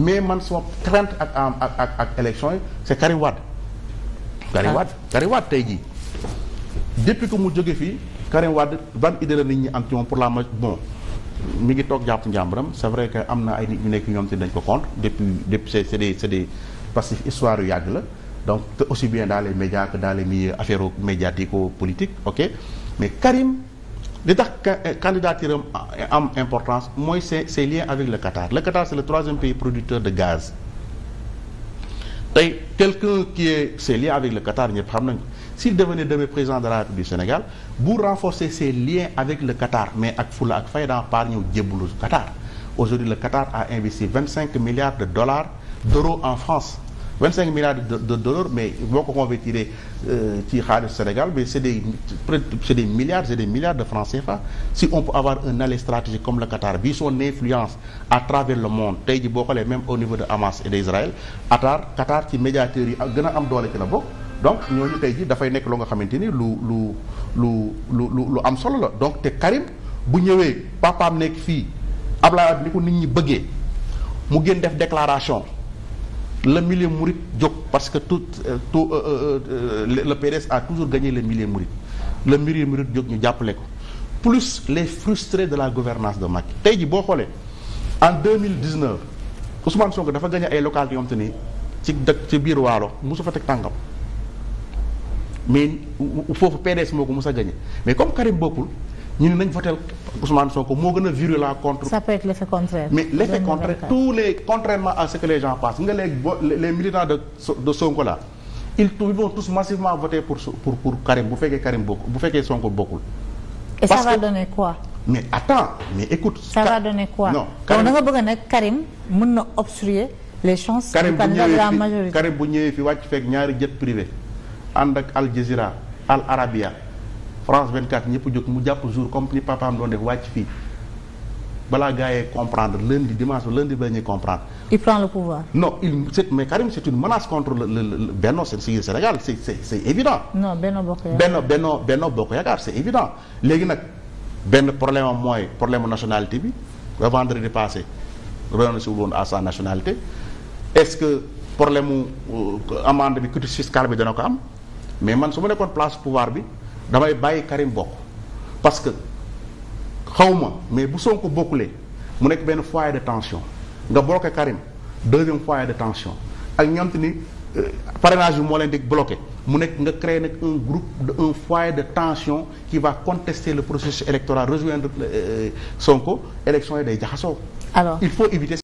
mais man soo crainte ak ak ak ak élection yi c' est ah. Karim Wade. tey jii depuis que mu jóge fii Karim Wade ban idée la nit ñi am ci moom pour la ma bon mi ngi toog jàpp njàmbaram c' est que am na ay nit ñu nekk ñoom te dañ ko contre depuis depuis c' est des c' est histoire yu yàgg la donc te aussi bien dans les médias que dans les milieux affaires médiatico ok mais Karim. li tax eh, candidature am eh, am importance mooy c'est c'est lien avec le Qatar le Qatar c'est le troisième pays producteur de gaz tey quelqu'un qui est c'est lié avec le Qatar ñëpp xam nañ si s'il devenait demain président de la République du Sénégal bu renforcer ses lien avec le Qatar mais ak fula ak fayda par ñëw jébbalu Qatar aujourd'hui le Qatar a investi vingt cinq milliards de dollars d'euros en France vingt cinq milliards de de dollars mais boo ko convertir euh, ci xaalis Sénégal mais c'est des c'est des milliards c'est des milliards de francs CFA si on peut avoir un aller stratégique comme le Qatar bi son influence à travers le monde tey ji boo xoolee même au niveau de Hamas et d'Israël Qatar Qatar ci médiateurs yi ak gën a am doole ci la bokk donc ñooñu tey ji dafay nekk loo nga xamante ni lu lu lu lu lu am solo la donc te Karim bu ñëwee papaam nekk fii Abdoulaye Wade nit ñi bëggee mu gën def déclaration le milieu mouride jóg parce que tout euh, tout euh, euh, le PDS a toujours gagné le milieu mouride le milieu mouride jóg ñu jàppale ko plus les frustrés de la gouvernance de Macky tey ji boo xoolee en 2019 Ousmane Sonko dafa gagné ay locales yoo te ni ci dëkk ci biir Waalo mosu fa teg tàngam mais foofu PDS moo ko mos a gagné mais comme Karim bokkul ñu ne nañ votel Ousmane Sonko moo gën a la contre. ça peut être l'effet contraire. mais l'effet contraire tous les contrairement à ce que les gens pensent nga léegi bo les militants de Sonko là ils tous massivement voter pour pour pour Karim bu fekkee Karim bokkul bu fekkee Sonko bokkul. et ça va donner quoi. mais attends mais écoute. ça va donner quoi non Karim da nga bëgg nag Karim mën na obstruer les chances. Karim bu ñëwee fi Karim bu ñëwee fi wàcc fekk ñaari jet privé ànd ak Al Jazeera Al Arabia. France 24 ñëpp jóg mu jàpp jour comme ni papaam doon def wàcc fii balaa gars yi comprendre lundi dimanche lundi ba ñuy comprendre. il prend le pouvoir. non il c'est mais Karim c'est une menace contre le le le Benno Sénégal c'est c'est c'est évident. non Benno Bokk Yaakaar Benno c'est évident léegi nag benn problème am mooy problème nationalité bi le vendredi passé renoncé wul woon à nationalité est-ce que problème mu euh, amende bi culture fiscale bi dana ko am mais man su ma nekkoon place pouvoir bi. damay bàyyi Karim bokk parce que xawma mais bu Sonko bokkulee mu nekk benn foyer de tension nga bloqué Karim deuxième foyer de tension ak ñoom ni euh, parrainage bi moo leen di bloqué mu nekk nga créé nag un groupe de un foyer de tension qui va contester le processus électoral rejoindre euh, Sonko élection yi day jaxasoo. alors il faut éviter.